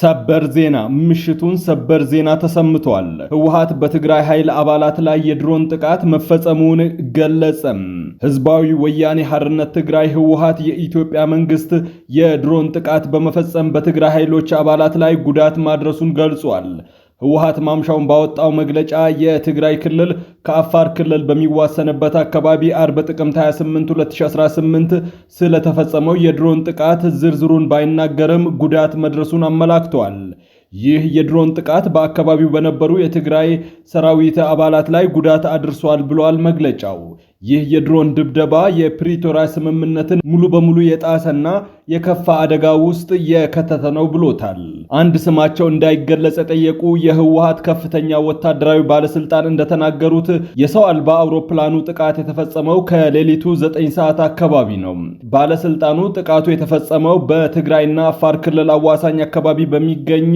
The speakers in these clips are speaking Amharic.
ሰበር ዜና ምሽቱን ሰበር ዜና ተሰምቷል። ህወሓት በትግራይ ኃይል አባላት ላይ የድሮን ጥቃት መፈጸሙን ገለጸም። ህዝባዊ ወያኔ ሐርነት ትግራይ ህወሓት የኢትዮጵያ መንግስት የድሮን ጥቃት በመፈጸም በትግራይ ኃይሎች አባላት ላይ ጉዳት ማድረሱን ገልጿል። ህወሓት ማምሻውን ባወጣው መግለጫ የትግራይ ክልል ከአፋር ክልል በሚዋሰንበት አካባቢ አርብ ጥቅምት 28 2018 ስለተፈጸመው የድሮን ጥቃት ዝርዝሩን ባይናገርም ጉዳት መድረሱን አመላክቷል። ይህ የድሮን ጥቃት በአካባቢው በነበሩ የትግራይ ሰራዊት አባላት ላይ ጉዳት አድርሷል ብሏል መግለጫው። ይህ የድሮን ድብደባ የፕሪቶሪያ ስምምነትን ሙሉ በሙሉ የጣሰና የከፋ አደጋ ውስጥ የከተተ ነው ብሎታል። አንድ ስማቸው እንዳይገለጽ የጠየቁ የህወሀት ከፍተኛ ወታደራዊ ባለስልጣን እንደተናገሩት የሰው አልባ አውሮፕላኑ ጥቃት የተፈጸመው ከሌሊቱ 9 ሰዓት አካባቢ ነው። ባለስልጣኑ ጥቃቱ የተፈጸመው በትግራይና አፋር ክልል አዋሳኝ አካባቢ በሚገኝ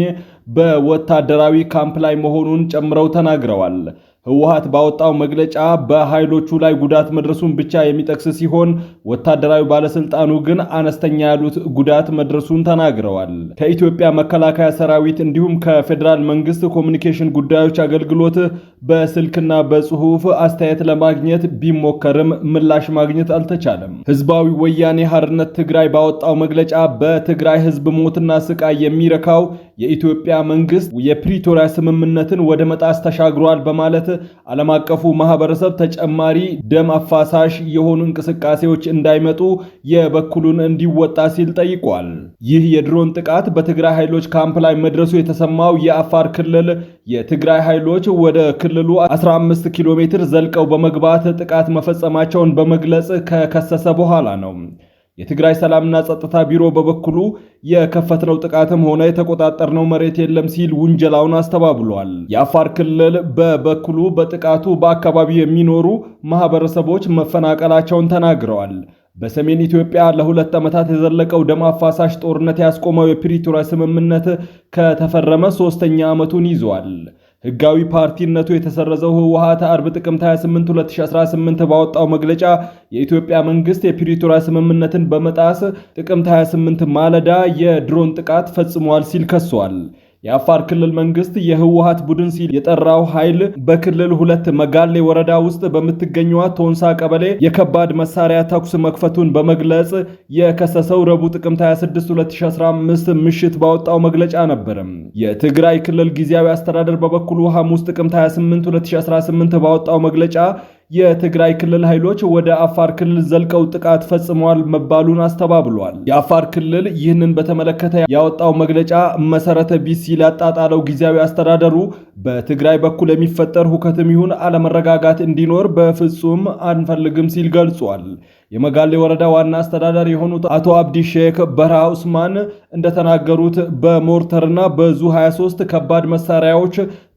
በወታደራዊ ካምፕ ላይ መሆኑን ጨምረው ተናግረዋል። ህወሀት ባወጣው መግለጫ በኃይሎቹ ላይ ጉዳት መድረሱን ብቻ የሚጠቅስ ሲሆን ወታደራዊ ባለስልጣኑ ግን አነስተኛ ያሉት ጉዳት መድረሱን ተናግረዋል። ከኢትዮጵያ መከላከያ ሰራዊት እንዲሁም ከፌዴራል መንግስት ኮሚኒኬሽን ጉዳዮች አገልግሎት በስልክና በጽሁፍ አስተያየት ለማግኘት ቢሞከርም ምላሽ ማግኘት አልተቻለም። ህዝባዊ ወያኔ ሐርነት ትግራይ ባወጣው መግለጫ በትግራይ ህዝብ ሞትና ስቃይ የሚረካው የኢትዮጵያ መንግስት የፕሪቶሪያ ስምምነትን ወደ መጣስ ተሻግሯል በማለት ዓለም አቀፉ ማህበረሰብ ተጨማሪ ደም አፋሳሽ የሆኑ እንቅስቃሴዎች እንዳይመጡ የበኩሉን እንዲወጣ ሲል ጠይቋል። ይህ የድሮን ጥቃት በትግራይ ኃይሎች ካምፕ ላይ መድረሱ የተሰማው የአፋር ክልል የትግራይ ኃይሎች ወደ ክልሉ 15 ኪሎ ሜትር ዘልቀው በመግባት ጥቃት መፈጸማቸውን በመግለጽ ከከሰሰ በኋላ ነው። የትግራይ ሰላምና ጸጥታ ቢሮ በበኩሉ የከፈትነው ጥቃትም ሆነ የተቆጣጠርነው መሬት የለም ሲል ውንጀላውን አስተባብሏል። የአፋር ክልል በበኩሉ በጥቃቱ በአካባቢው የሚኖሩ ማህበረሰቦች መፈናቀላቸውን ተናግረዋል። በሰሜን ኢትዮጵያ ለሁለት ዓመታት የዘለቀው ደም አፋሳሽ ጦርነት ያስቆመው የፕሪቶሪያ ስምምነት ከተፈረመ ሦስተኛ ዓመቱን ይዟል። ህጋዊ ፓርቲነቱ የተሰረዘው ህወሀት አርብ ጥቅምት 28 2018 ባወጣው መግለጫ የኢትዮጵያ መንግስት የፕሪቶሪያ ስምምነትን በመጣስ ጥቅምት 28 ማለዳ የድሮን ጥቃት ፈጽሟል ሲል ከሷል። የአፋር ክልል መንግስት የህወሀት ቡድን ሲል የጠራው ኃይል በክልል ሁለት መጋሌ ወረዳ ውስጥ በምትገኘዋ ቶንሳ ቀበሌ የከባድ መሳሪያ ተኩስ መክፈቱን በመግለጽ የከሰሰው ረቡዕ ጥቅምት 26 2015 ምሽት ባወጣው መግለጫ ነበርም። የትግራይ ክልል ጊዜያዊ አስተዳደር በበኩሉ ሐሙስ ጥቅምት 28 2018 ባወጣው መግለጫ የትግራይ ክልል ኃይሎች ወደ አፋር ክልል ዘልቀው ጥቃት ፈጽመዋል መባሉን አስተባብሏል። የአፋር ክልል ይህንን በተመለከተ ያወጣው መግለጫ መሰረተ ቢስ ሲል ያጣጣለው ጊዜያዊ አስተዳደሩ በትግራይ በኩል የሚፈጠር ሁከትም ይሁን አለመረጋጋት እንዲኖር በፍጹም አንፈልግም ሲል ገልጿል። የመጋሌ ወረዳ ዋና አስተዳዳሪ የሆኑት አቶ አብዲ ሼክ በረሃ ኡስማን እንደተናገሩት በሞርተርና በዙ 23 ከባድ መሳሪያዎች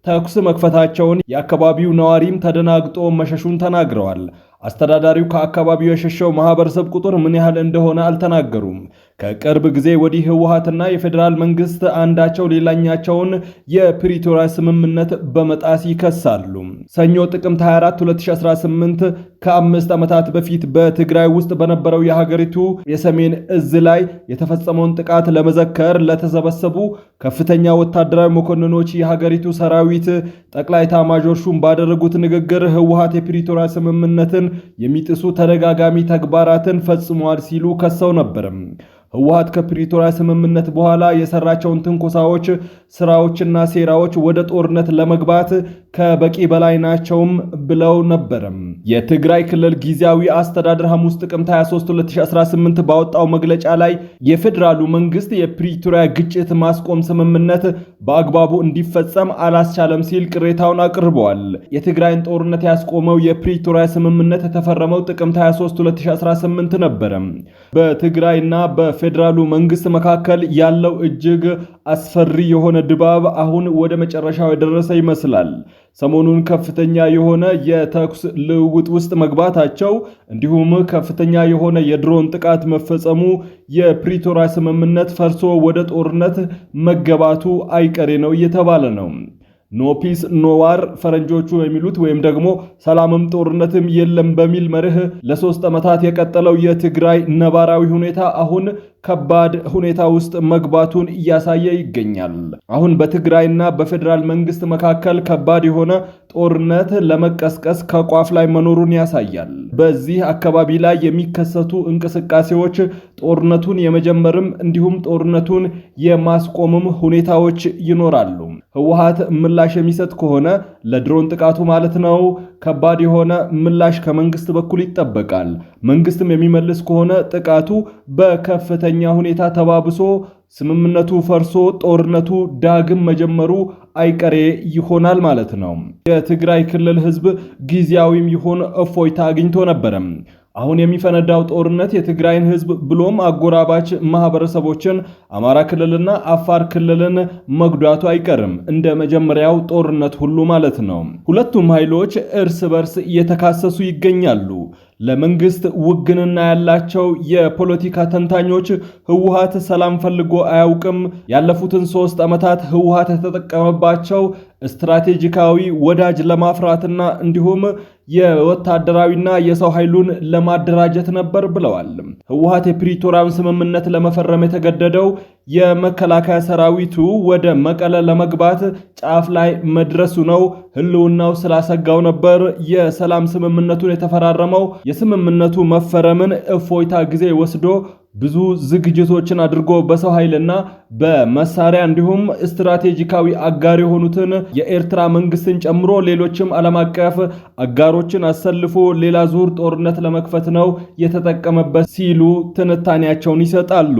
ተኩስ መክፈታቸውን የአካባቢው ነዋሪም ተደናግጦ መሸሹን ተናግረዋል። አስተዳዳሪው ከአካባቢው የሸሸው ማህበረሰብ ቁጥር ምን ያህል እንደሆነ አልተናገሩም። ከቅርብ ጊዜ ወዲህ ህወሀትና የፌዴራል መንግስት አንዳቸው ሌላኛቸውን የፕሪቶሪያ ስምምነት በመጣስ ይከሳሉ። ሰኞ ጥቅምት 24 2018 ከአምስት ዓመታት በፊት በትግራይ ውስጥ በነበረው የሀገሪቱ የሰሜን እዝ ላይ የተፈጸመውን ጥቃት ለመዘከር ለተሰበሰቡ ከፍተኛ ወታደራዊ መኮንኖች የሀገሪቱ ሰራዊት ጠቅላይ ታማዦር ሹም ባደረጉት ንግግር ህወሀት የፕሪቶሪያ ስምምነትን የሚጥሱ ተደጋጋሚ ተግባራትን ፈጽሟል ሲሉ ከሰው ነበርም። ህወሀት ከፕሪቶሪያ ስምምነት በኋላ የሰራቸውን ትንኮሳዎች፣ ስራዎችና ሴራዎች ወደ ጦርነት ለመግባት ከበቂ በላይ ናቸውም ብለው ነበረም። የትግራይ ክልል ጊዜያዊ አስተዳደር ሐሙስ ጥቅምት 23 2018 ባወጣው መግለጫ ላይ የፌዴራሉ መንግስት የፕሪቶሪያ ግጭት ማስቆም ስምምነት በአግባቡ እንዲፈጸም አላስቻለም ሲል ቅሬታውን አቅርበዋል። የትግራይን ጦርነት ያስቆመው የፕሪቶሪያ ስምምነት የተፈረመው ጥቅምት 23 2018 ነበረ። በትግራይና በፌዴራሉ መንግስት መካከል ያለው እጅግ አስፈሪ የሆነ ድባብ አሁን ወደ መጨረሻው የደረሰ ይመስላል። ሰሞኑን ከፍተኛ የሆነ የተኩስ ልውውጥ ውስጥ መግባታቸው እንዲሁም ከፍተኛ የሆነ የድሮን ጥቃት መፈጸሙ የፕሪቶሪያ ስምምነት ፈርሶ ወደ ጦርነት መገባቱ አይቀሬ ነው እየተባለ ነው። ኖፒስ ኖዋር ፈረንጆቹ የሚሉት ወይም ደግሞ ሰላምም ጦርነትም የለም በሚል መርህ ለሶስት ዓመታት የቀጠለው የትግራይ ነባራዊ ሁኔታ አሁን ከባድ ሁኔታ ውስጥ መግባቱን እያሳየ ይገኛል። አሁን በትግራይና በፌዴራል መንግስት መካከል ከባድ የሆነ ጦርነት ለመቀስቀስ ከቋፍ ላይ መኖሩን ያሳያል። በዚህ አካባቢ ላይ የሚከሰቱ እንቅስቃሴዎች ጦርነቱን የመጀመርም እንዲሁም ጦርነቱን የማስቆምም ሁኔታዎች ይኖራሉ። ህወሓት ምላሽ የሚሰጥ ከሆነ ለድሮን ጥቃቱ ማለት ነው ከባድ የሆነ ምላሽ ከመንግስት በኩል ይጠበቃል። መንግስትም የሚመልስ ከሆነ ጥቃቱ በከፍተኛ ሁኔታ ተባብሶ ስምምነቱ ፈርሶ ጦርነቱ ዳግም መጀመሩ አይቀሬ ይሆናል ማለት ነው። የትግራይ ክልል ህዝብ ጊዜያዊም ይሁን እፎይታ አግኝቶ ነበረም። አሁን የሚፈነዳው ጦርነት የትግራይን ህዝብ ብሎም አጎራባች ማህበረሰቦችን አማራ ክልልና አፋር ክልልን መጉዳቱ አይቀርም፣ እንደ መጀመሪያው ጦርነት ሁሉ ማለት ነው። ሁለቱም ኃይሎች እርስ በርስ እየተካሰሱ ይገኛሉ። ለመንግስት ውግንና ያላቸው የፖለቲካ ተንታኞች ህወሀት ሰላም ፈልጎ አያውቅም፣ ያለፉትን ሶስት ዓመታት ህወሀት የተጠቀመባቸው ስትራቴጂካዊ ወዳጅ ለማፍራትና እንዲሁም የወታደራዊና የሰው ኃይሉን ለማደራጀት ነበር ብለዋል። ህወሀት የፕሪቶሪያውን ስምምነት ለመፈረም የተገደደው የመከላከያ ሰራዊቱ ወደ መቀለ ለመግባት ጫፍ ላይ መድረሱ ነው። ህልውናው ስላሰጋው ነበር የሰላም ስምምነቱን የተፈራረመው። የስምምነቱ መፈረምን እፎይታ ጊዜ ወስዶ ብዙ ዝግጅቶችን አድርጎ በሰው ኃይልና በመሳሪያ እንዲሁም ስትራቴጂካዊ አጋር የሆኑትን የኤርትራ መንግስትን ጨምሮ ሌሎችም ዓለም አቀፍ አጋሮችን አሰልፎ ሌላ ዙር ጦርነት ለመክፈት ነው የተጠቀመበት ሲሉ ትንታኔያቸውን ይሰጣሉ።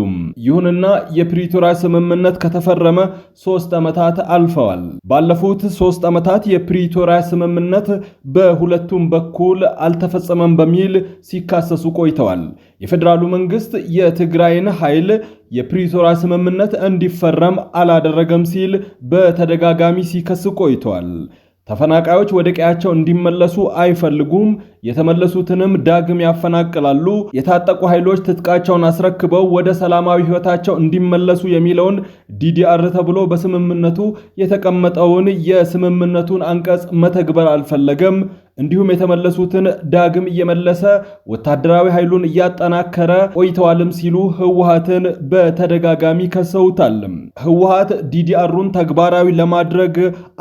ይሁንና የፕሪቶሪያ ስምምነት ከተፈረመ ሶስት ዓመታት አልፈዋል። ባለፉት ሶስት ዓመታት የፕሪቶሪያ ስምምነት በሁለቱም በኩል አልተፈጸመም በሚል ሲካሰሱ ቆይተዋል። የፌዴራሉ መንግስት የትግራይን ኃይል የፕሪቶሪያ ስምምነት እንዲፈረም አላደረገም ሲል በተደጋጋሚ ሲከስ ቆይቷል። ተፈናቃዮች ወደ ቀያቸው እንዲመለሱ አይፈልጉም፣ የተመለሱትንም ዳግም ያፈናቅላሉ፣ የታጠቁ ኃይሎች ትጥቃቸውን አስረክበው ወደ ሰላማዊ ሕይወታቸው እንዲመለሱ የሚለውን ዲዲአር ተብሎ በስምምነቱ የተቀመጠውን የስምምነቱን አንቀጽ መተግበር አልፈለገም። እንዲሁም የተመለሱትን ዳግም እየመለሰ ወታደራዊ ኃይሉን እያጠናከረ ቆይተዋልም ሲሉ ህወሀትን በተደጋጋሚ ከሰውታል። ህወሀት ዲዲአሩን ተግባራዊ ለማድረግ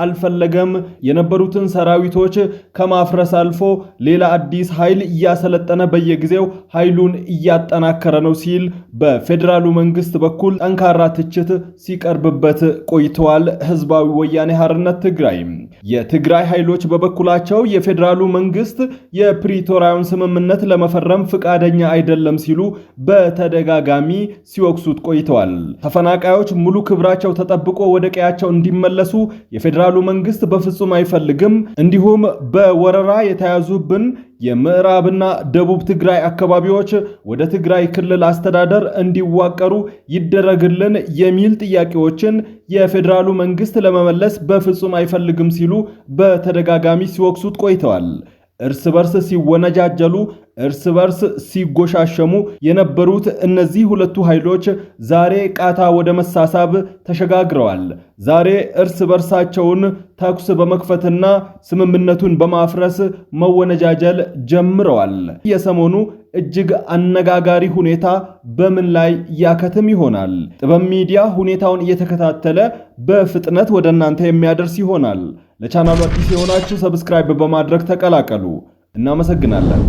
አልፈለገም። የነበሩትን ሰራዊቶች ከማፍረስ አልፎ ሌላ አዲስ ኃይል እያሰለጠነ በየጊዜው ኃይሉን እያጠናከረ ነው ሲል በፌዴራሉ መንግስት በኩል ጠንካራ ትችት ሲቀርብበት ቆይተዋል። ህዝባዊ ወያኔ ሀርነት ትግራይ የትግራይ ኃይሎች በበኩላቸው የፌዴራል የፌዴራሉ መንግስት የፕሪቶሪያውን ስምምነት ለመፈረም ፍቃደኛ አይደለም ሲሉ በተደጋጋሚ ሲወቅሱት ቆይተዋል። ተፈናቃዮች ሙሉ ክብራቸው ተጠብቆ ወደ ቀያቸው እንዲመለሱ የፌዴራሉ መንግስት በፍጹም አይፈልግም፣ እንዲሁም በወረራ የተያዙብን የምዕራብና ደቡብ ትግራይ አካባቢዎች ወደ ትግራይ ክልል አስተዳደር እንዲዋቀሩ ይደረግልን የሚል ጥያቄዎችን የፌዴራሉ መንግስት ለመመለስ በፍጹም አይፈልግም ሲሉ በተደጋጋሚ ሲወቅሱት ቆይተዋል። እርስ በርስ ሲወነጃጀሉ፣ እርስ በርስ ሲጎሻሸሙ የነበሩት እነዚህ ሁለቱ ኃይሎች ዛሬ ቃታ ወደ መሳሳብ ተሸጋግረዋል። ዛሬ እርስ በርሳቸውን ተኩስ በመክፈትና ስምምነቱን በማፍረስ መወነጃጀል ጀምረዋል። የሰሞኑ እጅግ አነጋጋሪ ሁኔታ በምን ላይ ያከትም ይሆናል? ጥበብ ሚዲያ ሁኔታውን እየተከታተለ በፍጥነት ወደ እናንተ የሚያደርስ ይሆናል። ለቻናሉ አዲስ የሆናችሁ ሰብስክራይብ በማድረግ ተቀላቀሉ። እናመሰግናለን።